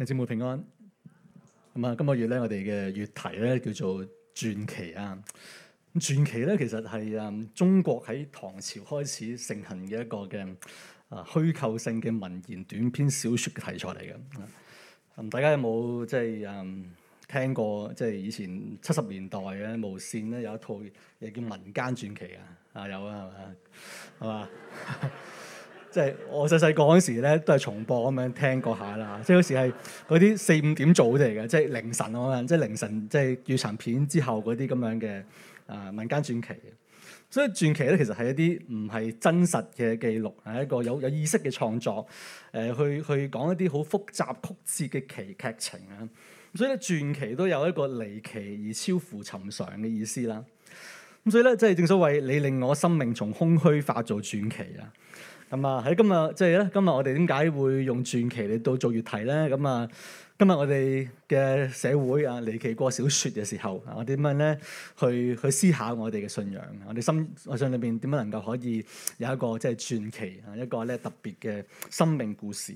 你節目平安，咁、嗯、啊，今個月咧，我哋嘅月題咧叫做傳奇啊。咁傳奇咧，其實係誒、嗯、中國喺唐朝開始盛行嘅一個嘅啊虛構性嘅文言短篇小説嘅題材嚟嘅。咁、嗯、大家有冇即係誒聽過即係、就是、以前七十年代嘅無線咧有一套嘢叫民間傳奇啊？啊有啊，係嘛？係嘛？即係我細細個嗰時咧，都係重播咁樣聽過下啦。即係嗰時係嗰啲四五點早啲嚟嘅，即係凌晨咁樣，即係凌晨即係粵殘片之後嗰啲咁樣嘅啊民間傳奇。所以傳奇咧，其實係一啲唔係真實嘅記錄，係一個有有意識嘅創作。誒、呃，去去講一啲好複雜曲折嘅奇劇情啊。所以咧，傳奇都有一個離奇而超乎尋常嘅意思啦。咁所以咧，即係正所謂，你令我生命從空虛化做傳奇啊。咁啊，喺今日即係咧，今日、就是、我哋點解會用傳奇嚟到做月題題咧？咁啊，今日我哋嘅社會啊，離奇過小説嘅時候啊，我哋點樣咧去去思考我哋嘅信仰？我哋心我想裏邊點樣能夠可以有一個即係、就是、傳奇啊，一個咧特別嘅生命故事？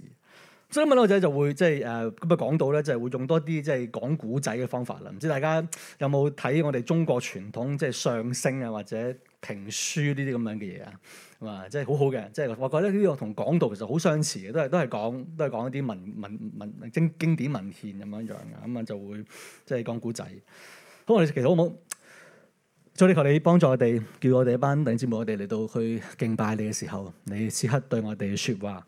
所以文我仔就會即係誒咁啊講到咧，就、呃、係會用多啲即係講古仔嘅方法啦。唔知大家有冇睇我哋中國傳統即係相聲啊，或者評書呢啲咁樣嘅嘢啊？咁、嗯、啊，即、就、係、是、好好嘅。即、就、係、是、我覺得呢個同講道、就是、其實好相似嘅，都係都係講都係講一啲文文文經經典文獻咁樣樣啊。咁啊就會即係講古仔。咁我哋其實好唔好？求你求你幫助我哋，叫我哋一班弟兄姊妹，我哋嚟到去敬拜你嘅時候，你此刻對我哋說話。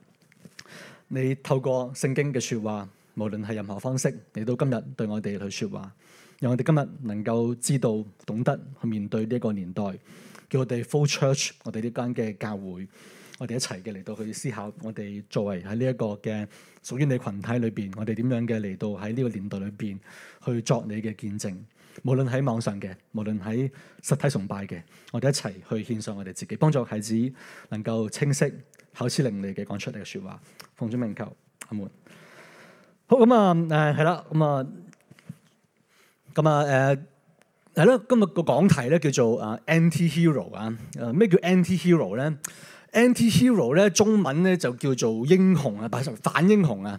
你透過聖經嘅説話，無論係任何方式嚟到今日對我哋去説話，讓我哋今日能夠知道、懂得去面對呢個年代，叫我哋 flow church，我哋呢間嘅教會，我哋一齊嘅嚟到去思考我哋作為喺呢一個嘅屬於你群體裏邊，我哋點樣嘅嚟到喺呢個年代裏邊去作你嘅見證，無論喺網上嘅，無論喺實體崇拜嘅，我哋一齊去獻上我哋自己，幫助孩子能夠清晰，口齒伶俐嘅講出嚟嘅説話，奉主名求阿門。好，咁啊，誒係啦，咁啊，咁啊，誒係啦。今日個講題咧叫做啊 Antihero 啊，咩叫 Antihero 咧？Antihero 咧，中文咧就叫做英雄啊，但係反英雄啊。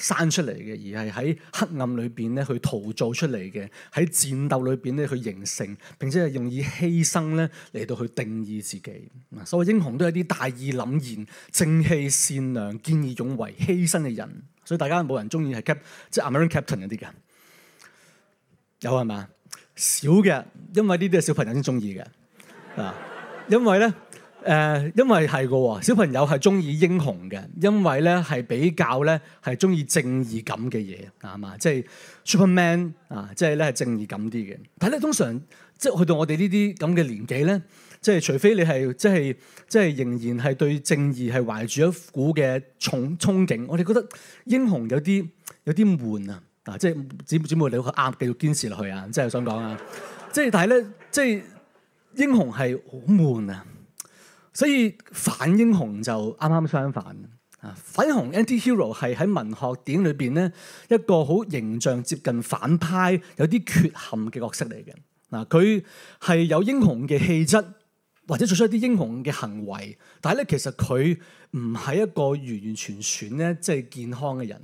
生出嚟嘅，而係喺黑暗裏邊咧去徒造出嚟嘅；喺戰鬥裏邊咧去形成，並且係用以犧牲咧嚟到去定義自己。嗱，所謂英雄都係啲大義凜然、正氣善良、見義勇為、犧牲嘅人。所以大家冇人中意係 Captain，即係 American Captain 嗰啲嘅，有係嘛？少嘅，因為呢啲係小朋友先中意嘅。嗱， 因為咧。誒、uh，因為係個小朋友係中意英雄嘅，因為咧係比較咧係中意正義感嘅嘢啊嘛，即係、就是、Superman 啊，即係咧係正義感啲嘅。但係咧通常即係去到我哋呢啲咁嘅年紀咧，即係除非你係即係即係仍然係對正義係懷住一股嘅憧憧憬，我哋覺得英雄有啲有啲悶啊啊！即係姊姊妹你可啱繼續堅持落去啊！即係我想講啊，即係但係咧即係英雄係好悶啊！所以反英雄就啱啱相反啊！反英雄 Antihero 係喺文學典裏邊咧一個好形象接近反派，有啲缺陷嘅角色嚟嘅嗱，佢、啊、係有英雄嘅氣質或者做出一啲英雄嘅行為，但係咧其實佢唔係一個完完全全咧即係健康嘅人。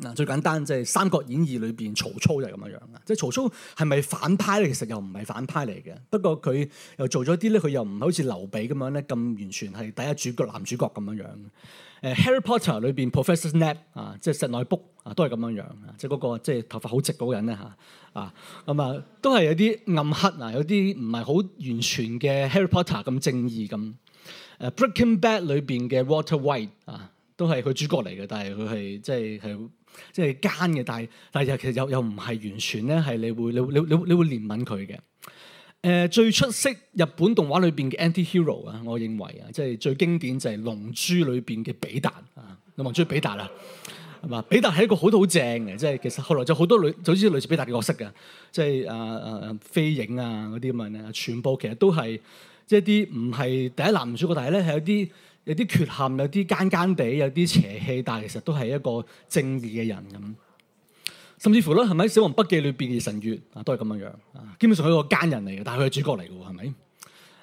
嗱，最簡單即係《就是、三國演義裡面》裏邊曹操就係咁樣樣嘅，即係曹操係咪反派咧？其實又唔係反派嚟嘅。不過佢又做咗啲咧，佢又唔係好似劉備咁樣咧，咁完全係第一主角男主角咁樣樣。誒《Harry Potter》裏邊 Professor Snape 啊，即、就、係、是、石內卜啊，都係咁樣樣，即係嗰個即係頭髮好直嗰個人咧嚇啊咁啊，啊，都係有啲暗黑嗱、啊，有啲唔係好完全嘅《Harry Potter》咁正義咁。誒、啊《Breaking Bad》裏邊嘅 Walter White 啊，都係佢主角嚟嘅，但係佢係即係係。即係奸嘅，但係但係又其實又又唔係完全咧，係你會你，你，你會你會你會憐憫佢嘅。誒、呃、最出色日本動畫裏邊嘅 antihero 啊，hero, 我認為啊，即係最經典就係《龍珠》裏邊嘅比達啊。你望住比達啊，係嘛？比達係一個好到好正嘅，即係其實後來就好多類，總之類似比達嘅角色啊，即係啊啊飛影啊嗰啲咁樣咧，全部其實都係，即係一啲唔係第一男主角，但係咧係有啲。有啲缺陷，有啲奸奸地，有啲邪氣，但係其實都係一個正義嘅人咁。甚至乎咧，係咪《小紅筆記》裏邊嘅神月啊，都係咁樣樣啊？基本上係個奸人嚟嘅，但係佢係主角嚟嘅，係咪？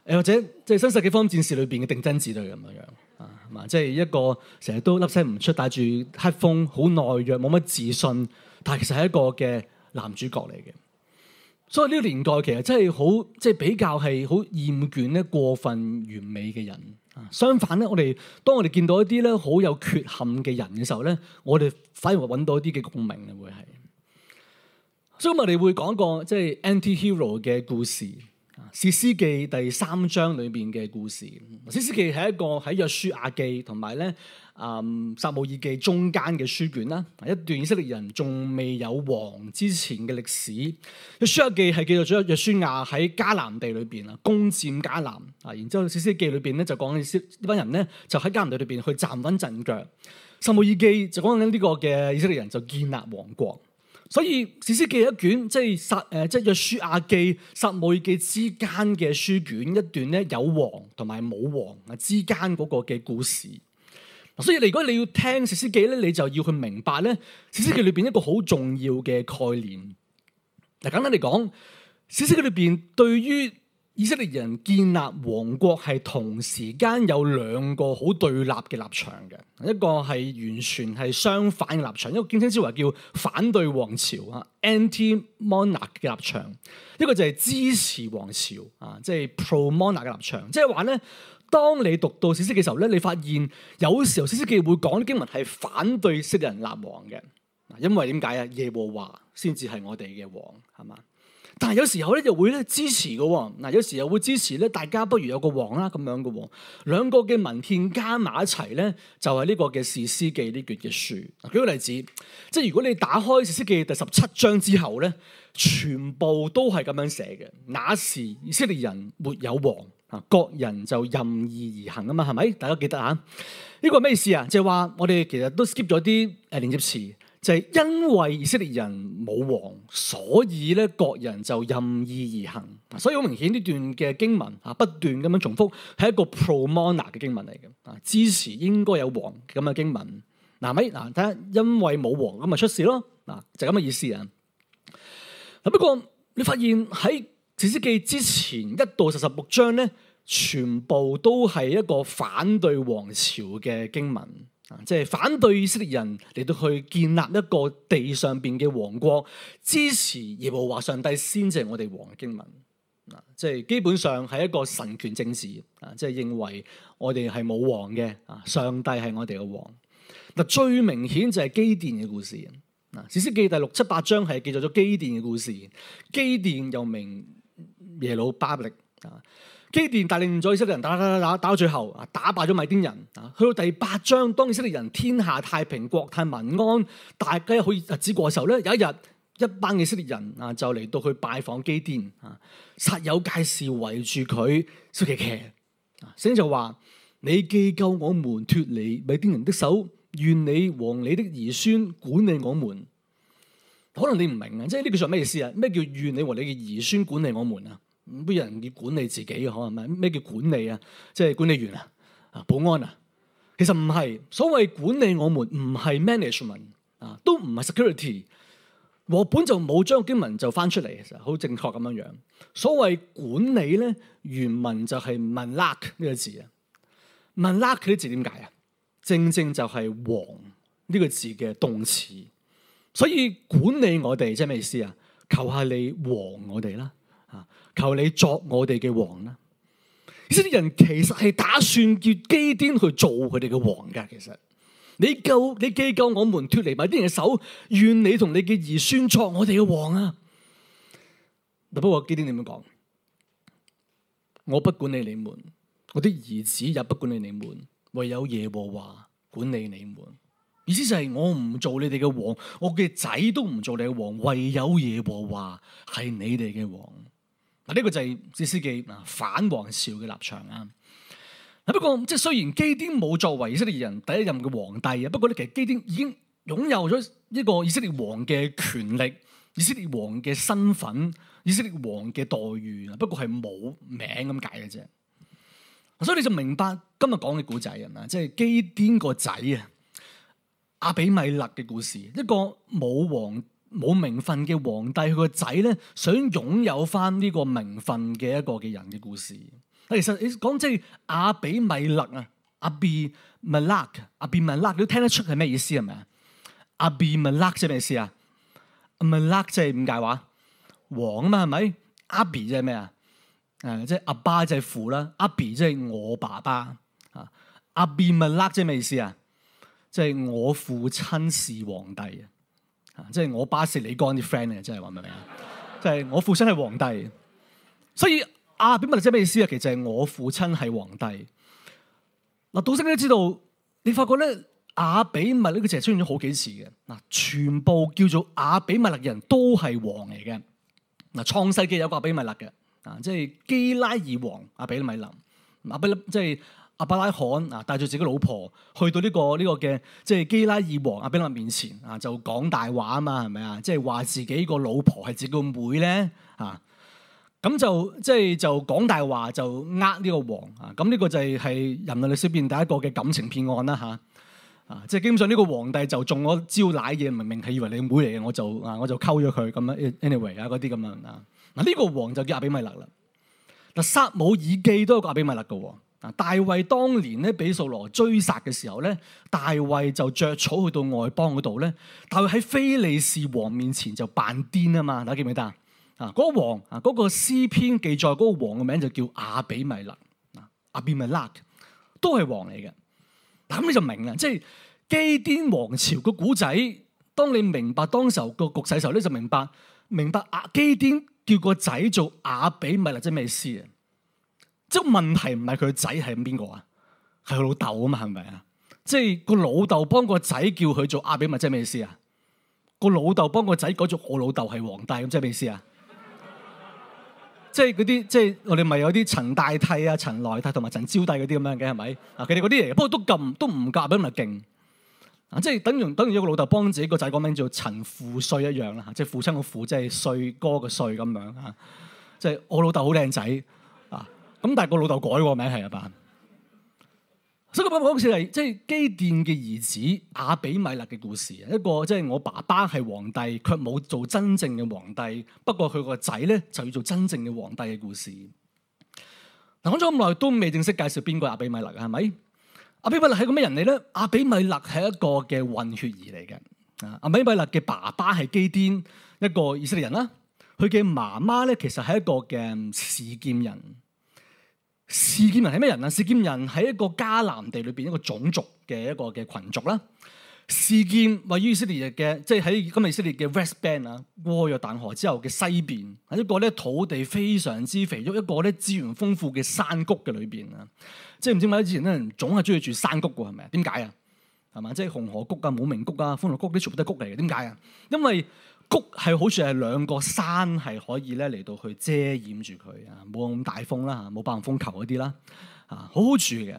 誒，或者即係《就是、新世紀福音戰士》裏邊嘅定真子都係咁樣樣啊？嘛，即係一個成日都粒聲唔出，戴住 headphone，好懦弱，冇乜自信，但係其實係一個嘅男主角嚟嘅。所以呢個年代其實真係好，即係比較係好厭倦咧過分完美嘅人。相反咧，我哋當我哋見到一啲咧好有缺陷嘅人嘅時候咧，我哋反而會揾到一啲嘅共鳴嘅會係。所以我哋會講個即係 anti-hero 嘅故事，士師記第三章裏邊嘅故事。士師記係一個喺約書亞記同埋咧。啊！撒母耳記中間嘅書卷啦，一段以色列人仲未有王之前嘅歷史。約書亞記係記錄咗約書亞喺迦南地裏邊啦，攻佔迦南。啊，然之後士師記裏邊咧就講呢啲班人咧就喺迦南地裏邊去站穩陣腳。撒母耳記就講緊呢個嘅以色列人就建立王國。所以士師記一卷即係撒誒即係約書亞記、撒母耳記之間嘅書卷一段咧有王同埋冇王啊之間嗰個嘅故事。所以如果你要聽《士師記》咧，你就要去明白咧《士師記》裏邊一個好重要嘅概念。嗱，簡單嚟講，《士師記》裏邊對於以色列人建立王國係同時間有兩個好對立嘅立場嘅。一個係完全係相反嘅立場，一個經聲之為叫反對王朝啊 （anti-monarch 嘅立場）。一個就係支持王朝啊，即係 pro-monarch 嘅立場，即係話咧。當你讀到士師記嘅時候咧，你發現有時候士師記會講啲經文係反對以色列人立王嘅，因為點解啊？耶和華先至係我哋嘅王，係嘛？但係有時候咧又會咧支持嘅，嗱，有時又會支持咧，大家不如有個王啦，咁樣嘅，兩個嘅文獻加埋一齊咧，就係呢個嘅士師記呢卷嘅書。舉個例子，即係如果你打開士師記第十七章之後咧，全部都係咁樣寫嘅，那時以色列人沒有王。啊，各人就任意而行啊嘛，係咪？大家記得啊？呢、這個咩意思啊？即係話我哋其實都 skip 咗啲誒連接詞，就係、是、因為以色列人冇王，所以咧各人就任意而行。所以好明顯呢段嘅經文啊，不斷咁樣重複，係一個 pro-monarchy 嘅經文嚟嘅啊，支持應該有王咁嘅經文。嗱，咪嗱睇下，因為冇王咁咪出事咯。嗱，就咁、是、嘅意思啊。嗱，不過你發現喺《士師記》之前一到十六章咧，全部都係一個反對王朝嘅經文，啊，即係反對以色列人嚟到去建立一個地上面嘅王國，支持耶和華上帝先至係我哋王嘅經文，啊，即係基本上係一個神權政治，啊，即係認為我哋係冇王嘅，啊，上帝係我哋嘅王。嗱，最明顯就係基甸嘅故事，啊，《士師記》第六七八章係記載咗基甸嘅故事，基甸又名。耶路巴力啊，基甸帶領以色列人打打打打打到最後啊，打敗咗米甸人啊。去到第八章，當以色列人天下太平國、國泰民安，大家可以日子過嘅時候咧，有一日一班以色列人啊就嚟到去拜訪基甸啊，煞有介事圍住佢，琪琪，其，聖經就話你既救我們脫離米甸人的手願你你的，願你和你的兒孫管理我們。可能你唔明啊，即係呢句說話咩意思啊？咩叫願你和你嘅兒孫管理我們啊？乜人要管理自己嘅可係咪？咩叫管理啊？即係管理員啊、保安啊？其實唔係，所謂管理我們唔係 management 啊，都唔係 security。我本就冇將經文就翻出嚟，其實好正確咁樣樣。所謂管理咧，原文就係 man luck 呢個字啊。man luck 呢個字點解啊？正正就係王呢個字嘅動詞。所以管理我哋即係咩意思啊？求下你王我哋啦。求你作我哋嘅王啦！啲人其實係打算叫基甸去做佢哋嘅王噶。其實你救你既救我們脫離埋啲人嘅手，願你同你嘅兒孫作我哋嘅王啊！但不過基甸點樣講？我不管理你們，我的兒子也不管理你們，唯有耶和華管理你們。意思就係我唔做你哋嘅王，我嘅仔都唔做你嘅王，唯有耶和華係你哋嘅王。呢個就係士師記啊，反王朝嘅立場啊。不過即係雖然基甸冇作為以色列人第一任嘅皇帝啊，不過咧其實基甸已經擁有咗一個以色列王嘅權力、以色列王嘅身份、以色列王嘅待遇啊。不過係冇名咁解嘅啫。所以你就明白今日講嘅古仔人啊，即係基甸個仔啊阿比米勒嘅故事，一個冇王。冇名分嘅皇帝佢個仔咧，想擁有返呢個名分嘅一個嘅人嘅故事。但係其實你講即係阿比米勒啊，阿比米勒，阿比米勒，你都聽得出係咩意思係咪啊？阿比米勒即係咩意思啊？阿米勒即係點解話王啊嘛係咪？阿比即係咩啊？誒，即係阿爸即係父啦，阿比即係我爸爸啊。阿比米勒即係咩意思啊？即係我父親是皇帝啊。即係我巴士李剛啲 friend 咧，真係話明唔明啊？ 即係我父親係皇帝，所以亞比米勒即係咩意思啊？其實係我父親係皇帝嗱。道生都知道，你發覺咧亞比米勒呢個詞出現咗好幾次嘅嗱，全部叫做亞比米勒嘅人都係王嚟嘅嗱。創世記有個亞比米勒嘅啊，即係基拉爾王亞比米林，亞比，即係。亞伯拉罕啊，帶住自己老婆去到呢，這個呢，這個嘅即係基拉爾王阿比勒面前啊，就講大話啊嘛，係咪啊？即係話自己個老婆係自己個妹咧啊！咁就即係就講、是、大話，就呃呢個王啊！咁呢個就係係人類歷史入邊第一個嘅感情騙案啦吓啊！即、啊、係基本上呢個皇帝就中咗招，瀨嘢明明係以為你個妹嚟嘅，我就啊我就溝咗佢咁樣。Ơi, anyway 啊，嗰啲咁樣啊，嗱呢個王就叫阿比米勒啦。嗱、啊，撒母耳記都有個阿比米勒嘅王。啊！大衛當年咧俾掃羅追殺嘅時候咧，大衛就着草去到外邦嗰度咧。大衛喺非利士王面前就扮癲啊嘛，大家記唔記得啊？嗰、那個、王啊，嗰、那個詩篇記載嗰個王嘅名就叫阿比米勒，阿比米勒拉都係王嚟嘅。咁你就明啦，即係基甸王朝個古仔。當你明白當時候個局勢時候咧，你就明白明白阿基甸叫個仔做阿比米勒即係咩意思啊？即係問題唔係佢個仔係邊個啊？係佢老豆啊嘛？係咪啊？即係個老豆幫個仔叫佢做阿比，咪即係咩意思啊？個老豆幫個仔改做我老豆係皇帝，咁即係咩意思、 就是、啊？即係嗰啲即係我哋咪有啲陳大替啊、陳來替同埋陳招弟嗰啲咁樣嘅，係咪啊？佢哋嗰啲嚟嘅，不過都冚都唔夾咁嚟勁啊！即、就、係、是、等於等於一個老豆幫自己個仔改名做陳富帥一樣啦，即係父親、就是、個父即係帥哥個帥咁樣吓，即、啊、係、啊就是、我老豆好靚仔。咁但係個老豆改個名係阿班，所以個班好似係即係機電基甸嘅兒子阿比米勒嘅故事，一個即係我爸爸係皇帝，卻冇做真正嘅皇帝，不過佢個仔咧就要做真正嘅皇帝嘅故事。講咗咁耐都未正式介紹邊個阿比米勒嘅，係咪？阿比米勒係個咩人嚟咧？阿比米勒係一個嘅混血兒嚟嘅，阿比米勒嘅爸爸係基甸，一個以色列人啦。佢嘅媽媽咧其實係一個嘅示劍人。示劍人係咩人啊？示劍人喺一個迦南地裏邊一個種族嘅一個嘅群族啦。示劍位於以色列嘅，即係喺今日以色列嘅 West Bank 啊，過約旦河之後嘅西邊，一個咧土地非常之肥沃，一個咧資源豐富嘅山谷嘅裏邊啊。即係唔知點解之前咧人總係中意住山谷嘅，係咪啊？點解啊？係嘛？即係紅河谷啊、武明谷啊、歡樂谷啲全部都係谷嚟嘅。點解啊？因為。谷係好似係兩個山係可以咧嚟到去遮掩住佢啊，冇咁大風啦，冇暴風球嗰啲啦，啊，好好住嘅。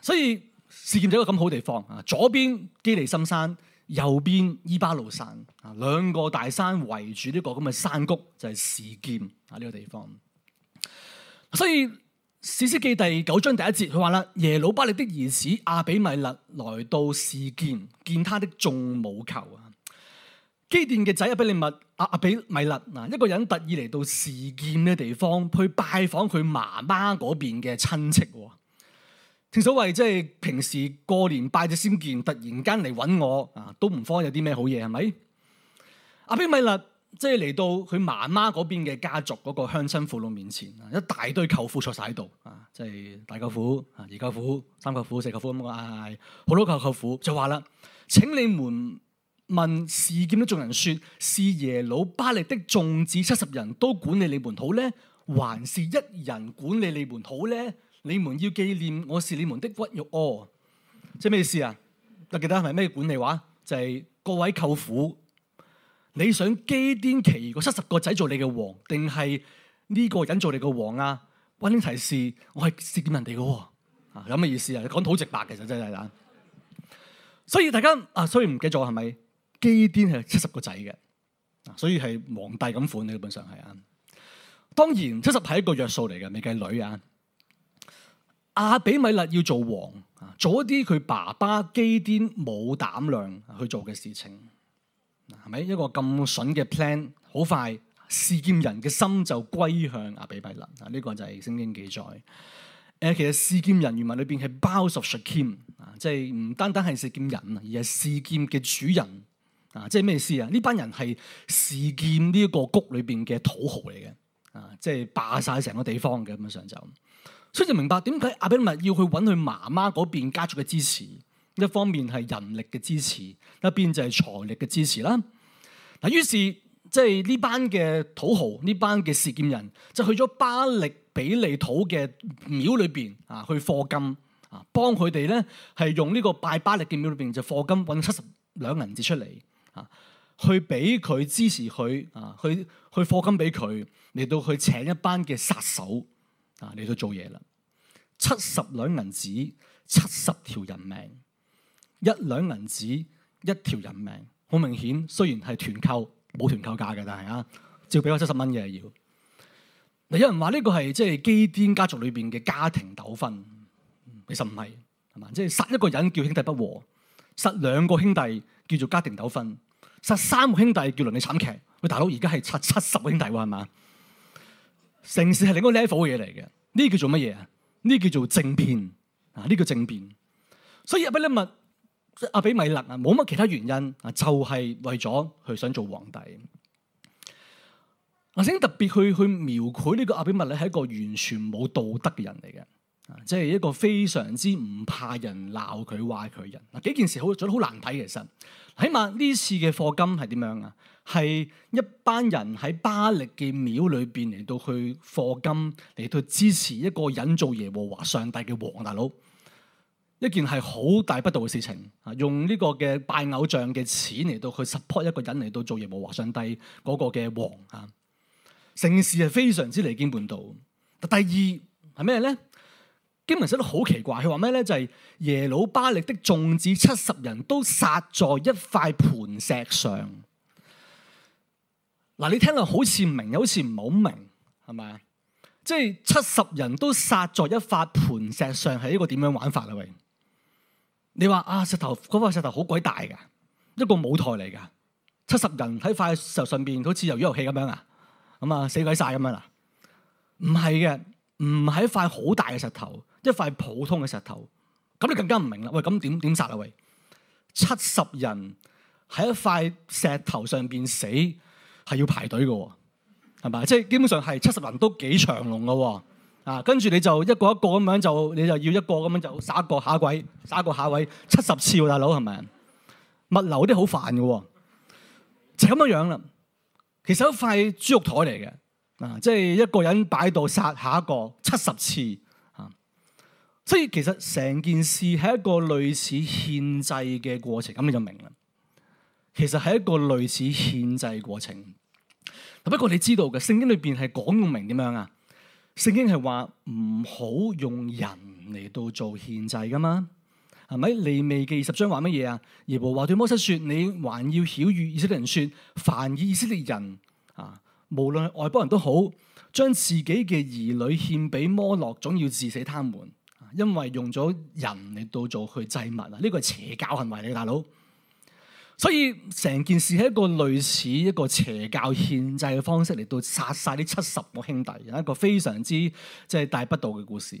所以示劍一個咁好地方啊，左邊基利心山，右邊以巴路山，啊，兩個大山圍住呢個咁嘅山谷就係示劍啊呢、這個地方。所以士師記第九章第一節佢話啦，耶路巴力的兒子亞比米勒來到示劍，見他的眾母舅。」啊。機電嘅仔啊，俾你問阿阿比米勒嗱，一個人特意嚟到示劍嘅地方去拜訪佢媽媽嗰邊嘅親戚。正所謂即係平時過年拜只先見，突然間嚟搵我啊，都唔慌。有啲咩好嘢係咪？阿比米勒即係嚟到佢媽媽嗰邊嘅家族嗰個鄉親父老面前啊，一大堆舅父坐晒喺度啊，即係大舅父啊、二舅父、三舅父、四舅父咁啊，好多舅舅父就話啦，請你們。問示劍嘅眾人說：是耶路巴力的眾子七十人都管理你們好咧，還是一人管理你們好咧？你們要紀念我是你們的骨肉哦。即係咩意思啊？大家記得係咩管理話？就係、是、各位舅父，你想基甸其餘嗰七十個仔做你嘅王，定係呢個人做你嘅王啊？温馨提示：我係示劍人哋嘅、哦，啊有咩意思啊？你講得好直白其實真係啊。所以大家啊，所以唔記得咗係咪？是基甸係七十個仔嘅，所以係皇帝咁款你基本上係啊。當然七十係一個約數嚟嘅，你計女啊。阿比米勒要做王，做一啲佢爸爸基甸冇膽量去做嘅事情，係咪一個咁蠢嘅 plan？好快示劍人嘅心就歸向阿比米勒啊！呢、這個就係聖經記載。誒、呃，其實示劍人原文裏邊係包十示劍，即係唔單單係示劍人，而係示劍嘅主人。啊！即係咩意思啊？呢班人係示劍呢一個谷裏邊嘅土豪嚟嘅，啊！即係霸晒成個地方嘅咁樣上就，所以就明白點解亞比米勒要去揾佢媽媽嗰邊家族嘅支持，一方面係人力嘅支持，一邊就係財力嘅支持啦。嗱、啊，於是即係呢班嘅土豪，呢班嘅示劍人，就去咗巴力比利土嘅廟裏邊啊，去課金啊，幫佢哋咧係用呢個拜巴力嘅廟裏邊就課金揾七十兩銀子出嚟。去俾佢支持佢啊！去去課金俾佢嚟到去請一班嘅殺手啊嚟到做嘢啦！七十兩銀子，七十條人命，一兩銀子一條人命。好明顯，雖然係團購冇團購價嘅，但係啊，照俾我七十蚊嘅要。嗱，有人話呢個係即係基甸家族裏邊嘅家庭糾紛，其實唔係係嘛？即係殺一個人叫兄弟不和，殺兩個兄弟叫做家庭糾紛。殺三個兄弟叫倫理慘劇，喂，大佬而家係殺七十個兄弟喎，係嘛？城市係另個 level 嘅嘢嚟嘅，呢叫做乜嘢啊？呢叫做政變啊！呢叫政變。所以阿比拉物、阿比米勒啊，冇乜其他原因啊，就係、是、為咗佢想做皇帝。我先特別去去描繪呢個阿比米勒，係一個完全冇道德嘅人嚟嘅，啊，即係一個非常之唔怕人鬧佢、話佢人。嗱，幾件事好做得好難睇，其實。起碼呢次嘅課金係點樣啊？係一班人喺巴力嘅廟裏邊嚟到去課金，嚟到支持一個人做耶和華上帝嘅王大佬，一件係好大逆不道嘅事情啊！用呢個嘅拜偶像嘅錢嚟到去 support 一個人嚟到做耶和華上帝嗰個嘅王啊，成件事係非常之離經叛道。第二係咩咧？經文寫得好奇怪，佢話咩咧？就係、是、耶路巴力的眾子七十人都殺在一塊磐石上。嗱，你聽落好似唔明又好似唔好明，係咪？即係七十人都殺在一塊磐石上，係一個點樣玩法啦？喂，你話啊，石頭嗰塊石頭好鬼大嘅，一個舞台嚟噶。七十人喺塊石上邊，好似魷魚遊戲咁樣啊，咁啊死鬼晒咁樣啦。唔係嘅，唔係一塊好大嘅石頭。一塊普通嘅石頭，咁你更加唔明啦。喂，咁點點殺啊？喂，七十人喺一塊石頭上邊死係要排隊嘅，係嘛？即係基本上係七十人都幾長龍嘅，啊，跟住你就一個一個咁樣就你就要一個咁樣就殺一個下位，殺一個下位，七十次喎，大佬係咪？物流啲好煩嘅，就咁樣樣啦。其實一塊豬肉台嚟嘅，啊，即係一個人擺到殺下一個七十次。所以其實成件事係一個類似獻祭嘅過程，咁你就明啦。其實係一個類似獻祭過程。不過你知道嘅，聖經裏邊係講用明點樣啊？聖經係話唔好用人嚟到做獻祭噶嘛？係咪？利未記二十章話乜嘢啊？耶和華對摩西說：你還要曉諭以色列人說，凡以，以色列人啊，無論外邦人都好，將自己嘅兒女獻俾摩洛，總要治死他們。因為用咗人嚟到做去祭物啊，呢個係邪教行為，嚟大佬。所以成件事係一個類似一個邪教獻祭嘅方式嚟到殺晒呢七十個兄弟，一個非常之即係大不道嘅故事。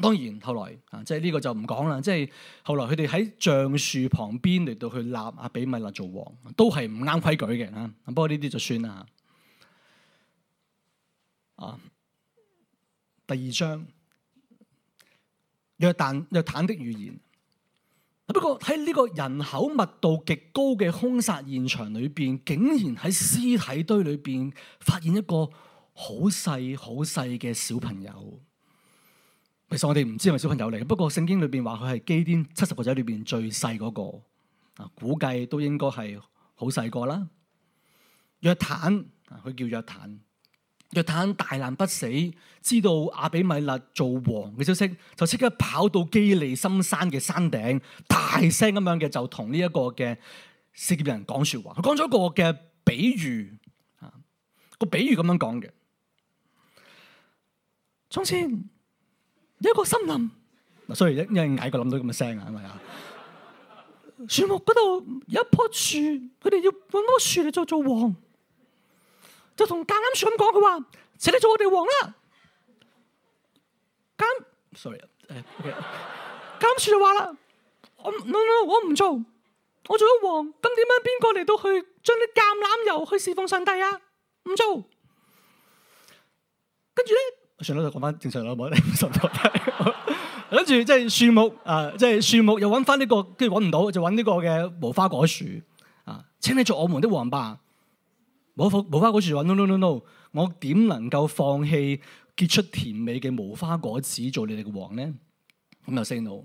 當然後來啊，即係呢個就唔講啦。即係後來佢哋喺橡樹旁邊嚟到去立阿比米勒做王，都係唔啱規矩嘅吓。不過呢啲就算啦。啊，第二章。約旦約坦的語言，不過喺呢個人口密度極高嘅兇殺現場裏邊，竟然喺屍體堆裏邊發現一個好細好細嘅小朋友。其實我哋唔知係咪小朋友嚟，不過聖經裏邊話佢係基甸七十個仔裏邊最細嗰、嗰個，啊估計都應該係好細個啦。約坦，啊，佢叫約坦。約坦大難不死，知道阿比米勒做王嘅消息，就即刻跑到基利心山嘅山頂，大聲咁樣嘅就同呢一個嘅示劍人講說話。佢講咗一個嘅比喻，個比喻咁樣講嘅。從前有一個森林，Sorry，矮個諗到咁嘅聲啊，因為啊，樹木嗰度有一棵樹，佢哋要搵棵樹嚟做做王。就同橄欖樹咁講，佢話：請你做我哋王啦。橄，sorry 啊，橄欖，Sorry,、uh, okay. 橄欖樹就話啦：我唔，no, no, no, 我唔，我唔做，我做咗王，咁點樣邊個嚟到去將啲橄欖油去侍奉上帝啊？唔做。跟住咧，上佬就講翻正常啦，冇啲神託。 跟住即係樹木，啊，即係樹木又揾翻呢個，跟住揾唔到就揾呢個嘅無花果樹。啊、uh,，請你做我們的王吧。冇花無花果樹，no no no no，我點能夠放棄結出甜美嘅無花果子，做你哋嘅王呢？咁又 say no，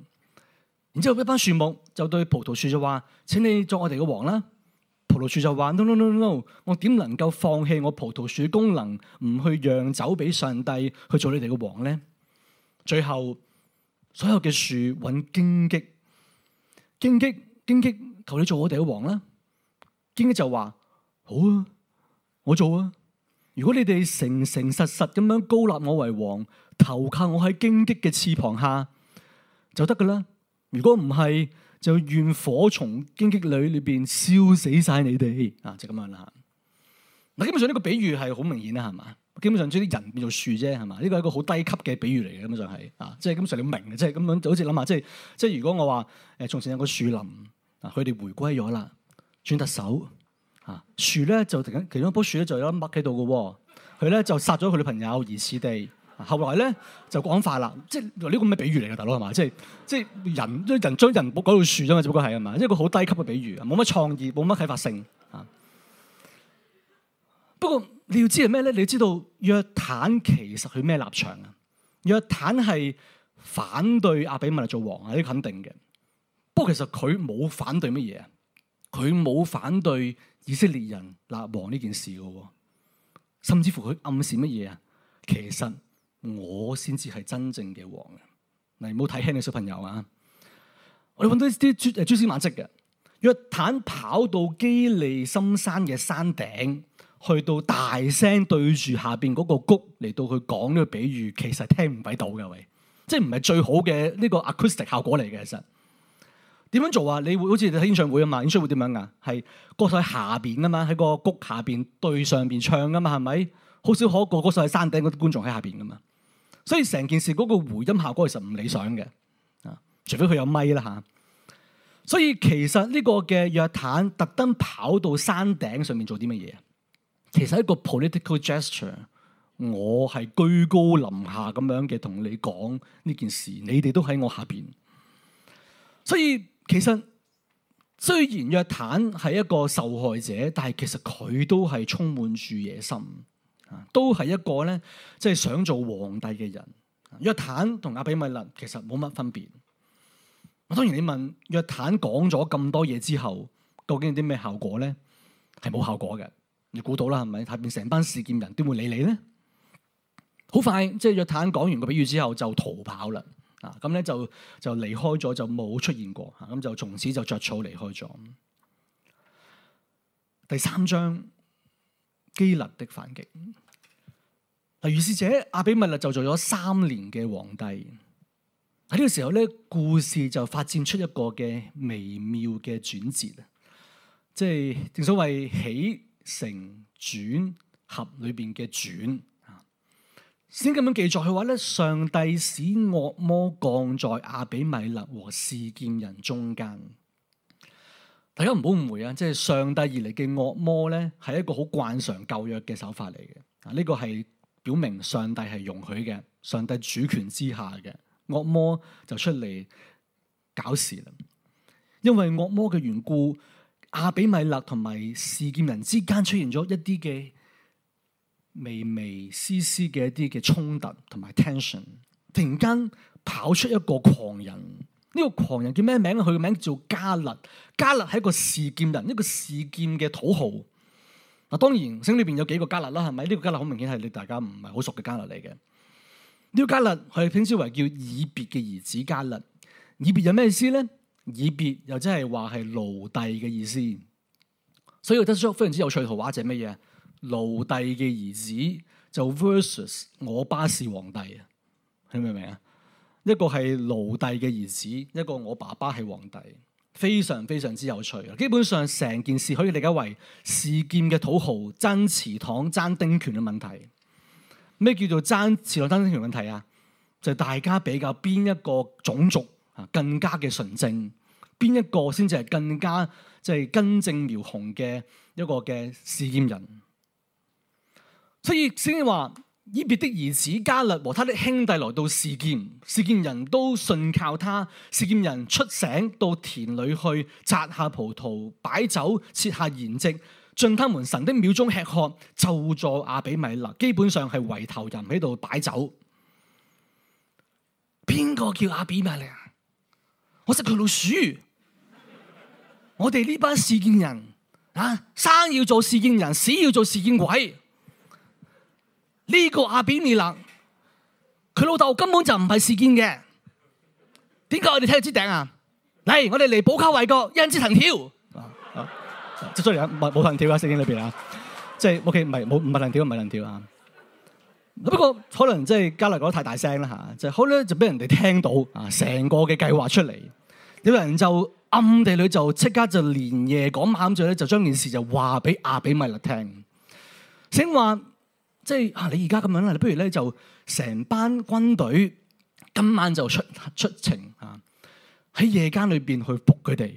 然之後一班樹木就對葡萄樹就話：請你做我哋嘅王啦。葡萄樹就話：no no no no，我點能夠放棄我葡萄樹功能，唔去讓酒俾上帝去做你哋嘅王呢？最後所有嘅樹搵荊棘，荊棘荊棘，求你做我哋嘅王啦。荊棘就話：好啊。我做啊！如果你哋誠誠實實咁樣高立我為王，投靠我喺荊棘嘅翅膀下，就得噶啦。如果唔係，就願火從荊棘裏裏邊燒死晒你哋啊！就咁樣啦。嗱，基本上呢個比喻係好明顯啦，係嘛？基本上將啲人變做樹啫，係嘛？呢個係一個好低級嘅比喻嚟嘅，咁就係啊，即係基本上你明嘅，即係咁樣，就好似諗下，即係即係如果我話誒從前有個樹林，啊，佢哋回歸咗啦，轉特首。啊，樹咧就突然間，其中一樖樹咧就有粒墨喺度嘅喎。佢、啊、咧就殺咗佢女朋友，疑似地。啊、後來咧就講法啦，即係呢個咩比喻嚟嘅，大佬係嘛？即係即係人將人將人改到樹啫嘛，只不過係啊嘛，即係個好低級嘅比喻，冇、啊、乜創意，冇乜啟發性啊。不過你要知係咩咧？你知道約坦其實佢咩立場啊？約坦係反對亞比米勒做王，呢、這、啲、個、肯定嘅。不過其實佢冇反對乜嘢，佢冇反對，以色列人立王呢件事嘅喎、哦，甚至乎佢暗示乜嘢啊？其實我先至係真正嘅王嘅。嗱，唔好睇輕啲小朋友啊！我哋揾到啲蛛蛛絲馬跡嘅，約、呃、坦跑到基利心山嘅山頂，去到大聲對住下邊嗰個谷嚟到佢講呢個比喻，其實聽唔鬼到嘅，喂，即係唔係最好嘅呢個 acoustic 效果嚟嘅，其實。點樣做啊？你會好似睇演唱會啊嘛？演唱會點樣噶？係歌手喺下邊噶嘛？喺個谷下邊對上邊唱噶嘛？係咪？好少可個歌手喺山頂，嗰啲觀眾喺下邊噶嘛？所以成件事嗰個回音效果其實唔理想嘅，啊，除非佢有咪啦吓。所以其實呢個嘅約坦特登跑到山頂上面做啲乜嘢？其實一個 political gesture，我係居高臨下咁樣嘅同你講呢件事，你哋都喺我下邊，所以。其實雖然約坦係一個受害者，但係其實佢都係充滿住野心，啊，都係一個咧，即係想做皇帝嘅人。約坦同阿比米勒其實冇乜分別。我當然你問約坦講咗咁多嘢之後，究竟有啲咩效果咧？係冇效果嘅，你估到啦，係咪下邊成班示劍人點會理你咧？好快，即係約坦講完個比喻之後就逃跑啦。啊，咁咧就就離開咗，就冇出現過，咁、啊、就從此就着草離開咗。第三章，基立的反擊。嗱，預示者阿比密勒就做咗三年嘅皇帝。喺呢個時候咧，故事就發展出一個嘅微妙嘅轉折，即係正所謂起承轉合裏邊嘅轉。先咁樣記載佢話咧，上帝使惡魔降在亞比米勒和示劍人中間。大家唔好誤會啊，即係上帝而嚟嘅惡魔咧，係一個好慣常舊約嘅手法嚟嘅。啊，呢個係表明上帝係容許嘅，上帝主權之下嘅惡魔就出嚟搞事啦。因為惡魔嘅緣故，亞比米勒同埋示劍人之間出現咗一啲嘅。微微絲絲嘅一啲嘅衝突同埋 tension，突然間跑出一個狂人，呢個狂人叫咩名？佢嘅名叫迦勒，迦勒係一個示劍人，一個示劍嘅土豪。嗱，當然聖經裏邊有幾個迦勒啦，係咪？呢個迦勒好明顯係你大家唔係好熟嘅迦勒嚟嘅。呢個迦勒佢稱之為叫以別嘅兒子迦勒，以別有咩意思咧？以別又即係話係奴隸嘅意思。所以佢得出非常之有趣嘅圖畫就係乜嘢？奴隸嘅兒子就 versus 我爸是皇帝，睇明唔明啊？一個係奴隸嘅兒子，一個我爸爸係皇帝，非常非常之有趣啊！基本上成件事可以理解為示劍嘅土豪爭祠堂爭丁權嘅問題，咩叫做爭祠堂爭丁權問題啊？就是、大家比較邊一個種族啊更加嘅純正，邊一個先至係更加即係、就是、根正苗紅嘅一個嘅示劍人。所以先至話以別的兒子迦勒和他的兄弟來到示劍，示劍人都信靠他。示劍人出城到田裏去摘下葡萄擺酒，設下筵席，進他們神的廟中吃喝，咒詛亞比米勒。基本上係圍頭人喺度擺酒。邊個叫亞比米勒？我識佢老鼠。 我哋呢班示劍人啊，生要做示劍人，死要做示劍鬼。呢個阿比米勒，佢老豆根本就唔係事件嘅。點解我哋聽到支頂啊？嚟，我哋嚟保卡衛國，一支藤條。啊啊，就出嚟冇藤條啊，聖經裏邊啊，即係 OK，唔係冇唔係藤條，唔係藤條啊。不過可能即係迦勒講得太大聲啦吓，就好能就俾人哋聽到啊，成個嘅計劃出嚟，有人就暗地裏就即刻就連夜講啱咗咧，就將件事就話俾阿比米勒聽，先話。即係啊！你而家咁樣啦，你不如咧就成班軍隊今晚就出出城啊！喺夜間裏邊去伏佢哋。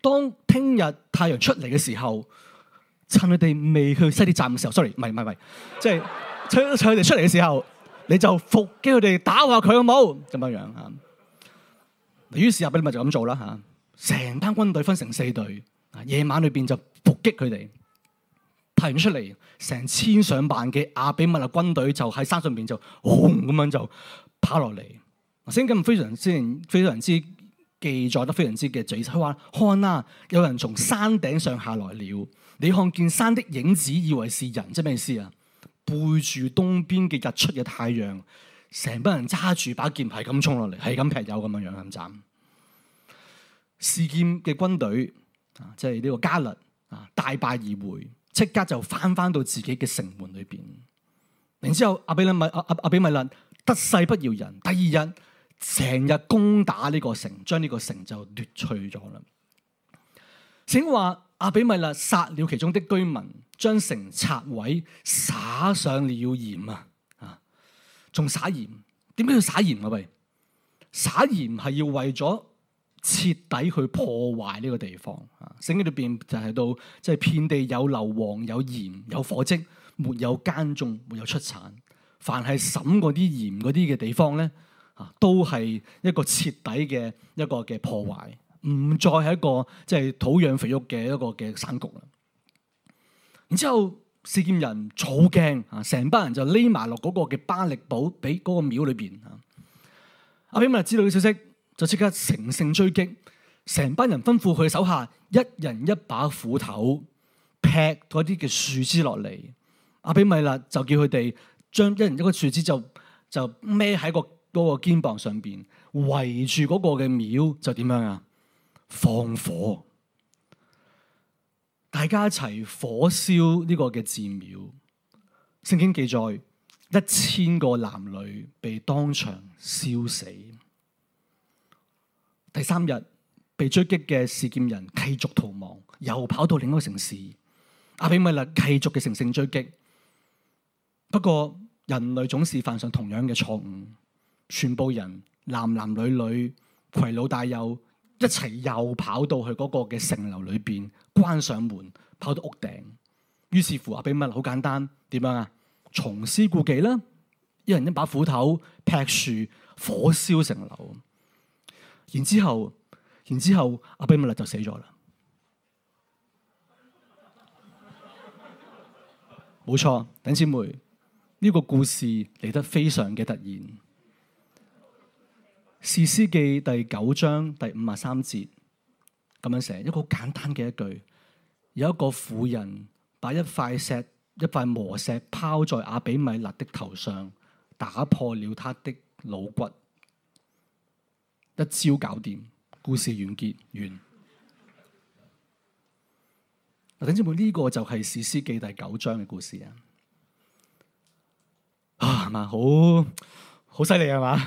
當聽日太陽出嚟嘅時候，趁佢哋未去西鐵站嘅時候、嗯、，sorry，唔係唔係唔係， 即係趁佢哋出嚟嘅時候，你就伏擊佢哋，打下佢好冇咁樣樣啊！於是俾啊，你咪就咁做啦吓！成班軍隊分成四隊、啊，夜晚裏邊就伏擊佢哋。睇唔出嚟，成千上萬嘅亞比米勒軍隊就喺山上邊就轟咁 樣就跑落嚟，聖經非常之非常之記載得非常之嘅詳細。佢話：看啦、啊，有人從山頂上下來了，你看見山的影子，以為是人，即咩意思啊？背住東邊嘅日出嘅太陽，成班人揸住把劍牌咁衝落嚟，係咁劈友咁樣樣咁斬。示劍嘅軍隊啊，即係呢個加勒啊，大敗而回。即刻就翻翻到自己嘅城門裏邊，然之後阿比拉米阿阿比米勒、啊啊、比米勒得勢不饒人，第二日成日攻打呢個城，將呢個城就奪取咗啦。聖經話阿比米勒殺了其中的居民，將城拆毀，撒上了鹽啊，吓，仲撒鹽？點解要撒鹽啊？喂，撒鹽係要為咗。徹底去破壞呢個地方啊！聖經裏邊就係到即係、就是、遍地有硫磺、有鹽、有火迹，沒有耕種，沒有出產。凡係撒過啲鹽嗰啲嘅地方咧，啊，都係一個徹底嘅一個嘅破壞，唔再係一個即係、就是、土壤肥沃嘅一個嘅山谷啦。然之後示劍人好驚啊，成班人就匿埋落嗰個嘅巴力堡，俾、那、嗰個廟裏邊啊。亞比米勒知道嘅消息，就即刻乘勝追擊，成班人吩咐佢手下一人一把斧頭劈嗰啲嘅樹枝落嚟。阿比米勒就叫佢哋將一人一個樹枝就就孭喺個個肩膀上邊，圍住嗰個嘅廟就點樣啊？放火，大家一齊火燒呢個嘅寺廟。聖經記載一千個男女被當場燒死。第三日被追擊嘅示劍人繼續逃亡，又跑到另一個城市。阿比米勒繼續嘅乘勝追擊。不過人類總是犯上同樣嘅錯誤，全部人男男女女攜老帶幼一齊又跑到去嗰個嘅城樓裏邊，關上門，跑到屋頂。於是乎阿比米勒好簡單，點樣啊？重施故技啦，一人一把斧頭劈樹，火燒城樓。然之後，然之後阿比米勒就死咗啦。冇錯， 頂姊妹，呢、這個故事嚟得非常嘅突然。士師記第九章第五十三節咁樣寫，一個好簡單嘅一句：有一個婦人把一塊石、一塊磨石拋在阿比米勒的頭上，打破了他的腦骨。一招搞掂，故事完結完。啊，等住冇呢個就係、是《士師記》第九章嘅故事啊！啊，好，好犀利啊嘛！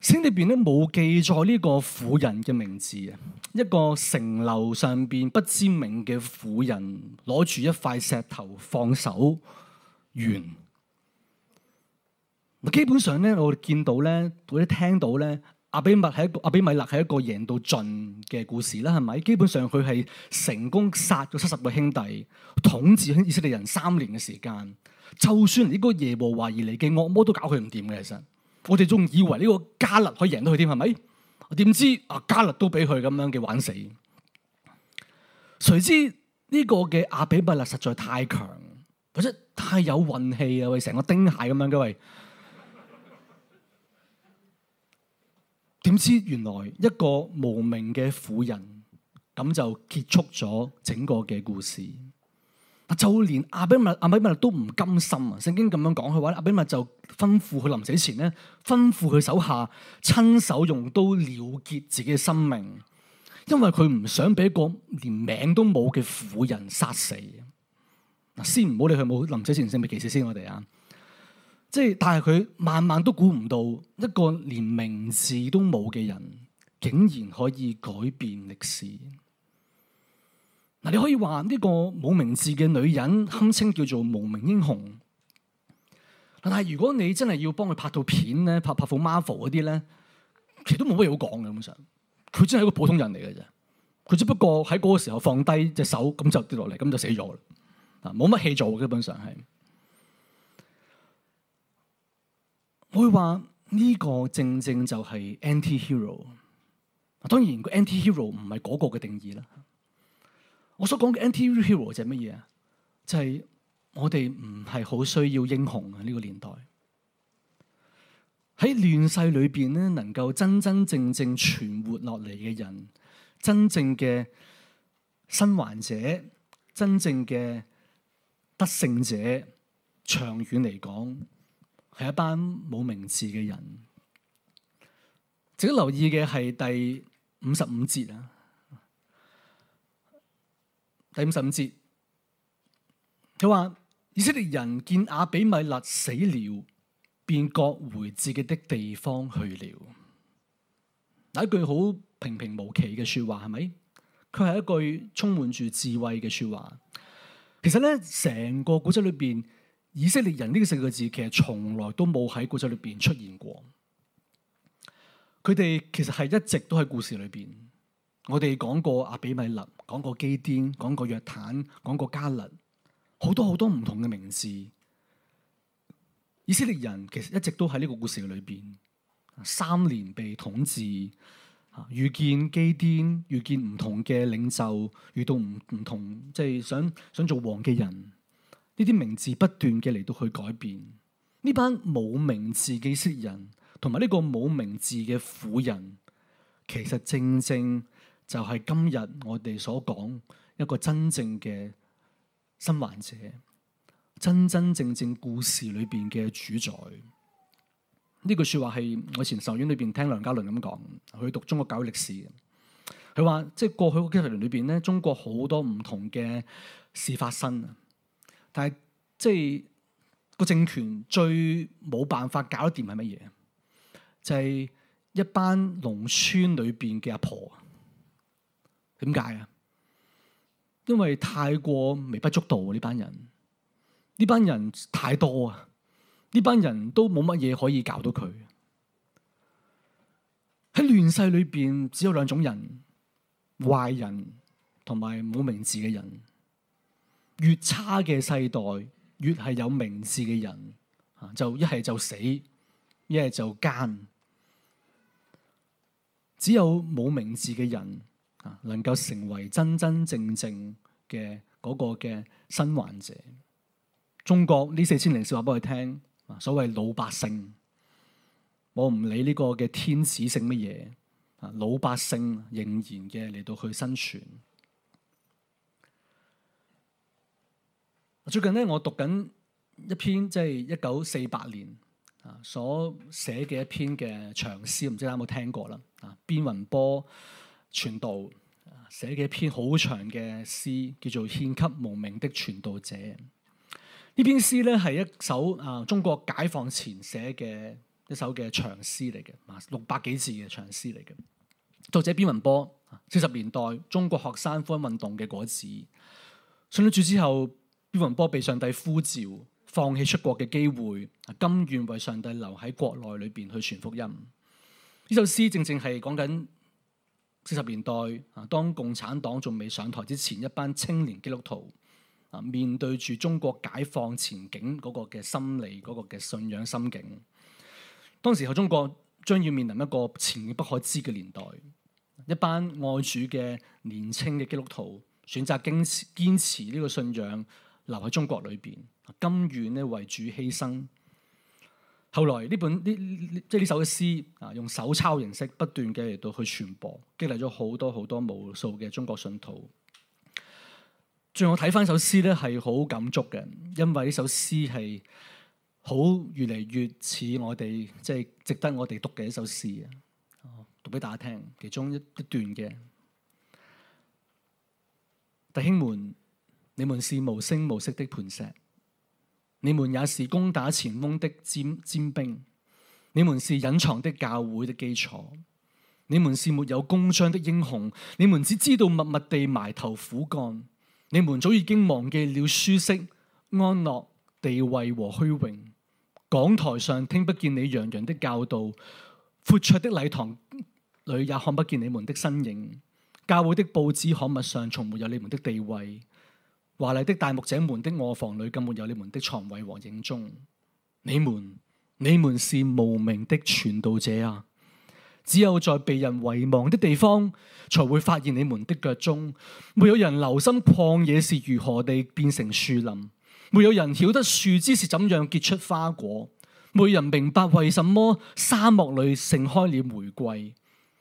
書 裏邊咧冇記載呢個婦人嘅名字啊，一個城樓上邊不知名嘅婦人攞住一塊石頭放手完。基本上咧，我哋見到咧，或者聽到咧，阿比米勒係一個阿比米勒係一個贏到盡嘅故事啦，係咪？基本上佢係成功殺咗七十個兄弟，統治以色列人三年嘅時間。就算呢個耶和華而嚟嘅惡魔都搞佢唔掂嘅，其實我哋仲以為呢個加勒可以贏到佢添，係咪？我點知啊，加勒都俾佢咁樣嘅玩死。誰知呢個嘅阿比米勒實在太強，或者太有運氣啊！喂，成個丁蟹咁樣，各位。點知原來一個無名嘅婦人咁就結束咗整個嘅故事。嗱，就連阿比米阿比米勒都唔甘心啊！聖經咁樣講，佢話阿比米勒就吩咐佢臨死前咧，吩咐佢手下親手用刀了結自己嘅生命，因為佢唔想俾一個連名都冇嘅婦人殺死。嗱，先唔好理佢冇臨死前神秘其事先，我哋啊。即係，但係佢萬萬都估唔到一個連名字都冇嘅人，竟然可以改變歷史。嗱，你可以話呢個冇名字嘅女人，堪稱叫做無名英雄。但係如果你真係要幫佢拍套片咧，拍拍副 Marvel 嗰啲咧，其實都冇乜嘢好講嘅。基本上，佢真係一個普通人嚟嘅啫。佢只不過喺嗰個時候放低隻手，咁就跌落嚟，咁就死咗啦。啊，冇乜戲做，基本上係。我會話呢個正正就係 anti-hero。當然個 anti-hero 唔係嗰個嘅定義啦。我所講嘅 anti-hero 就係乜嘢啊？就係我哋唔係好需要英雄嘅呢個年代。喺亂世裏邊咧，能夠真真正正存活落嚟嘅人，真正嘅生還者，真正嘅得勝者，長遠嚟講。係一班冇名字嘅人，值得留意嘅係第五十五節啦。第五十五節，佢話以色列人見亞比米勒死了，便各回自己的地方去了。嗱，一句好平平無奇嘅說話，係咪？佢係一句充滿住智慧嘅說話。其實咧，成個古仔裏邊。以色列人呢個四個字其實從來都冇喺故事裏邊出現過。佢哋其實係一直都喺故事裏邊。我哋講過阿比米勒，講過基甸，講過約坦，講過加勒，好多好多唔同嘅名字。以色列人其實一直都喺呢個故事裏邊。三年被統治，遇見基甸，遇見唔同嘅領袖，遇到唔唔同，即係想想做王嘅人。呢啲名字不斷嘅嚟到去改變，呢班冇名字嘅士師，同埋呢個冇名字嘅婦人，其實正正就係今日我哋所講一個真正嘅生還者，真真正正故事裏邊嘅主宰。呢句說話係我前神學院裏邊聽梁家倫咁講，佢讀中國教育歷史，佢話即係過去幾十年裏邊咧，中國好多唔同嘅事發生。但係即係、個政權最冇辦法搞得掂係乜嘢？就係、是、一班農村裏邊嘅阿婆。點解啊？因為太過微不足道呢、啊、班人，呢班人太多啊！呢班人都冇乜嘢可以搞到佢。喺亂世裏邊，只有兩種人：壞人同埋冇名字嘅人。越差嘅世代，越係有名字嘅人，就一係就死，一係就奸。只有冇名字嘅人，啊，能夠成為真真正正嘅嗰個嘅生還者。中國呢四千零四話俾我聽，所謂老百姓，我唔理呢個嘅天使性乜嘢，啊，老百姓仍然嘅嚟到去生存。最近咧，我讀緊一篇即係一九四八年啊，所寫嘅一篇嘅長詩，唔知大家有冇聽過啦？啊，邊雲波傳道寫嘅一篇好長嘅詩，叫做《獻給無名的傳道者》。呢篇詩咧係一首啊，中國解放前寫嘅一首嘅長詩嚟嘅，六百幾字嘅長詩嚟嘅。作者邊雲波，四十年代中國學生科運動嘅果子，信咗主之後。約文波被上帝呼召，放棄出國嘅機會，甘願為上帝留喺國內裏邊去傳福音。呢首詩正正係講緊四十年代，當共產黨仲未上台之前，一班青年基督徒啊，面對住中國解放前景嗰個嘅心理、嗰個嘅信仰心境。當時嘅中國將要面臨一個前不可知嘅年代，一班愛主嘅年青嘅基督徒選擇堅持呢個信仰。留喺中國裏邊，甘願咧為主犧牲。後來呢本呢，即係呢首嘅詩啊，用手抄形式不斷嘅嚟到去傳播，激勵咗好多好多，多無數嘅中國信徒。最後睇翻首詩咧係好感觸嘅，因為呢首詩係好越嚟越似我哋即係值得我哋讀嘅一首詩啊！讀俾大家聽其中一一段嘅，弟兄們。你們是無聲無息的磐石，你們也是攻打前鋒的尖、尖兵，你們是隱藏的教會的基礎，你們是沒有公章的英雄，你們只知道默默地埋頭苦幹，你們早已經忘記了舒適、安樂、地位和虛榮。講台上聽不見你洋洋的教導，闊綽的禮堂裏也看不見你們的身影，教會的報紙刊物上從沒有你們的地位。華麗的大牧者們的臥房裏，更沒有你們的床位和影蹤。你們，你們是無名的傳道者啊！只有在被人遺忘的地方，才會發現你們的腳蹤，沒有人留心曠野是如何地變成樹林，沒有人曉得樹枝是怎樣結出花果，沒人明白為什麼沙漠裏盛開了玫瑰。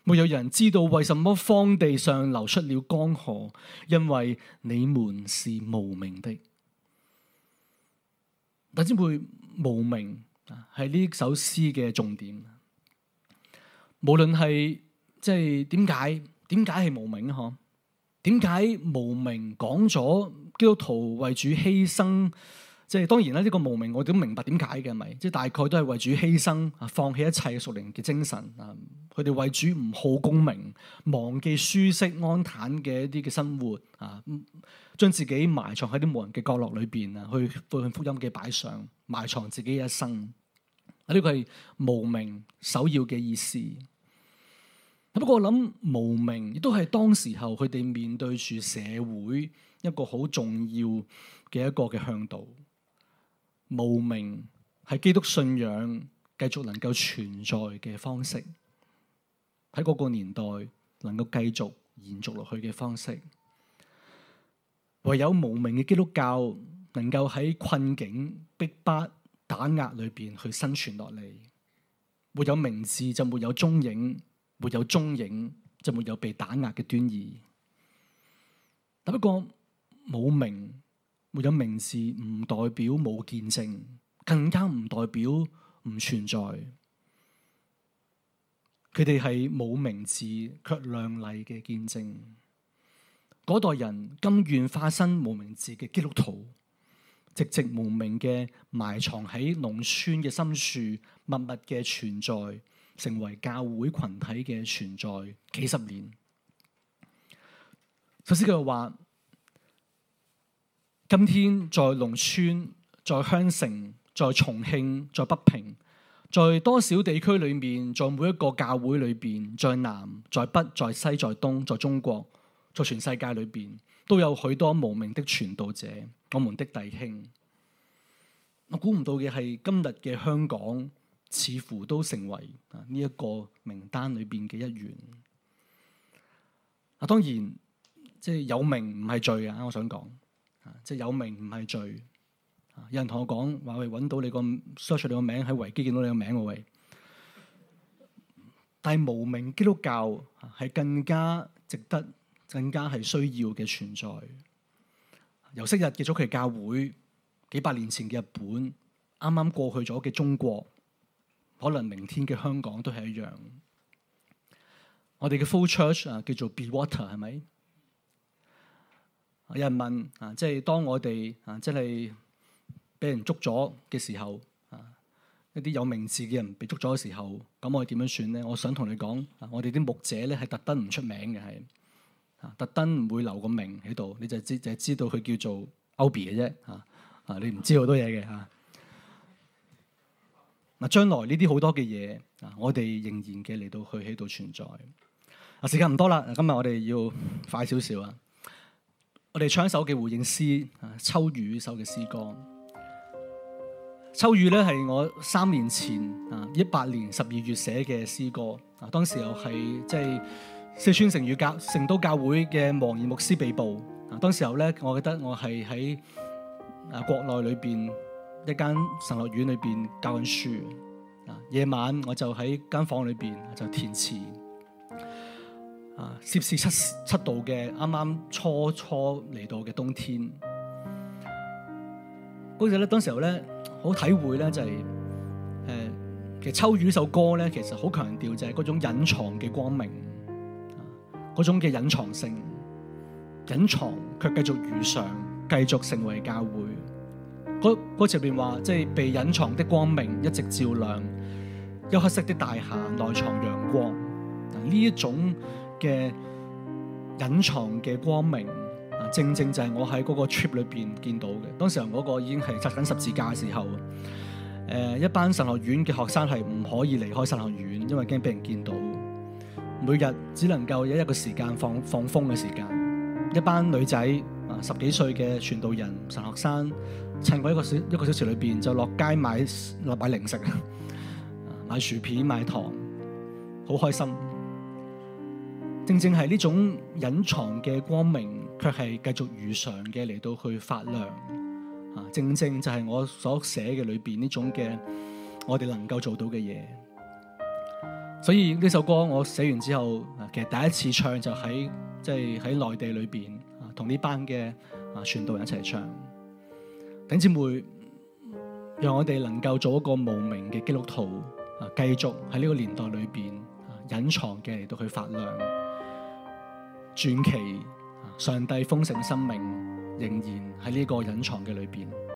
沒有人知道為什麼荒地上流出了江河，因為你們是無名的。嗱，先會無名啊，係呢首詩嘅重點。無論係即係點解，點解係無名啊？嗬，點解無名？講咗基督徒為主犧牲。即係當然啦，呢個無名我哋都明白點解嘅咪，即係大概都係為主犧牲啊，放棄一切嘅屬靈嘅精神啊，佢哋為主唔好功名，忘記舒適安坦嘅一啲嘅生活啊，將自己埋藏喺啲無人嘅角落裏邊啊，去奉福音嘅擺上，埋藏自己一生啊，呢個係無名首要嘅意思。不過我諗無名亦都係當時候佢哋面對住社會一個好重要嘅一個嘅向導。無名係基督信仰繼續能夠存在嘅方式，喺嗰個年代能夠繼續延續落去嘅方式，唯有無名嘅基督教能夠喺困境、逼迫、迫、打壓裏邊去生存落嚟。沒有名字就沒有蹤影，沒有蹤影就沒有被打壓嘅端倪。只不過冇名。沒有名字唔代表冇見證，更加唔代表唔存在。佢哋係冇名字卻亮麗嘅見證。嗰代人甘願化身無名字嘅基督徒，寂寂無名嘅埋藏喺農村嘅深處，默默嘅存在，成為教會群體嘅存在幾十年。首先佢又話。今天在農村、在鄉城、在重慶、在北平，在多少地區裏面，在每一個教會裏邊，在南、在北、在西、在東，在中國，在全世界裏邊，都有許多無名的傳道者，我們的弟兄。我估唔到嘅係今日嘅香港，似乎都成為呢一個名單裏邊嘅一員。啊，當然即係有名唔係罪啊！我想講。即係有名唔係罪，有人同我講話喂，揾到你個 search 你個名喺維基見到你個名喎喂，但係無名基督教係更加值得，更加係需要嘅存在。由昔日嘅早期教會，幾百年前嘅日本，啱啱過去咗嘅中國，可能明天嘅香港都係一樣。我哋嘅 flow church 啊，叫做 Be Water 係咪？有人問啊，即係當我哋啊，即係俾人捉咗嘅時候啊，一啲有名字嘅人被捉咗嘅時候，咁我哋點樣算咧？我想同你講、啊，我哋啲牧者咧係特登唔出名嘅，係啊，特登唔會留個名喺度，你就知就係知道佢叫做 Obi 嘅啫，啊啊，你唔知好多嘢嘅吓。嗱、啊啊，將來呢啲好多嘅嘢、啊，我哋仍然嘅嚟到佢喺度存在。啊，時間唔多啦、啊，今日我哋要快少少啊。我哋唱一首嘅回應詩啊，秋雨呢首嘅詩歌。秋雨咧係我三年前啊，一八年十二月寫嘅詩歌。啊，當時候係即係四川成雨教成都教會嘅王怡牧師被捕。啊，當時候咧，我記得我係喺啊國內裏邊一間神學院裏邊教緊書。啊，夜晚我就喺間房裏邊就填詞。啊！攝氏七七度嘅啱啱初初嚟到嘅冬天，嗰時咧，當時候咧，好體會咧，就係、是、誒、呃、其實秋雨首歌咧，其實好強調就係嗰種隱藏嘅光明，嗰種嘅隱藏性，隱藏卻繼續如常，繼續成為教會。嗰歌詞入邊話，即係、就是、被隱藏的光明一直照亮，幽黑色的大廈內藏陽光，呢一種。嘅隱藏嘅光明啊，正正就係我喺嗰個 trip 裏邊見到嘅。當時嗰個已經係拆緊十字架嘅時候，誒、呃、一班神學院嘅學生係唔可以離開神學院，因為驚俾人見到。每日只能夠有一,一個時間放放風嘅時間。一班女仔啊，十幾歲嘅傳道人神學生，趁嗰一個小一個小時裏邊就落街買落買零食啊， 買薯片買糖，好開心。正正係呢種隱藏嘅光明，卻係繼續如常嘅嚟到去發亮。啊，正正就係我所寫嘅裏邊呢種嘅，我哋能夠做到嘅嘢。所以呢首歌我寫完之後，其實第一次唱就喺即係喺內地裏邊啊，同呢班嘅啊傳道人一齊唱，等姊妹讓我哋能夠做一個無名嘅基督徒啊，繼續喺呢個年代裏邊啊隱藏嘅嚟到去發亮。傳奇，上帝豐盛生命仍然喺呢個隱藏嘅裏面。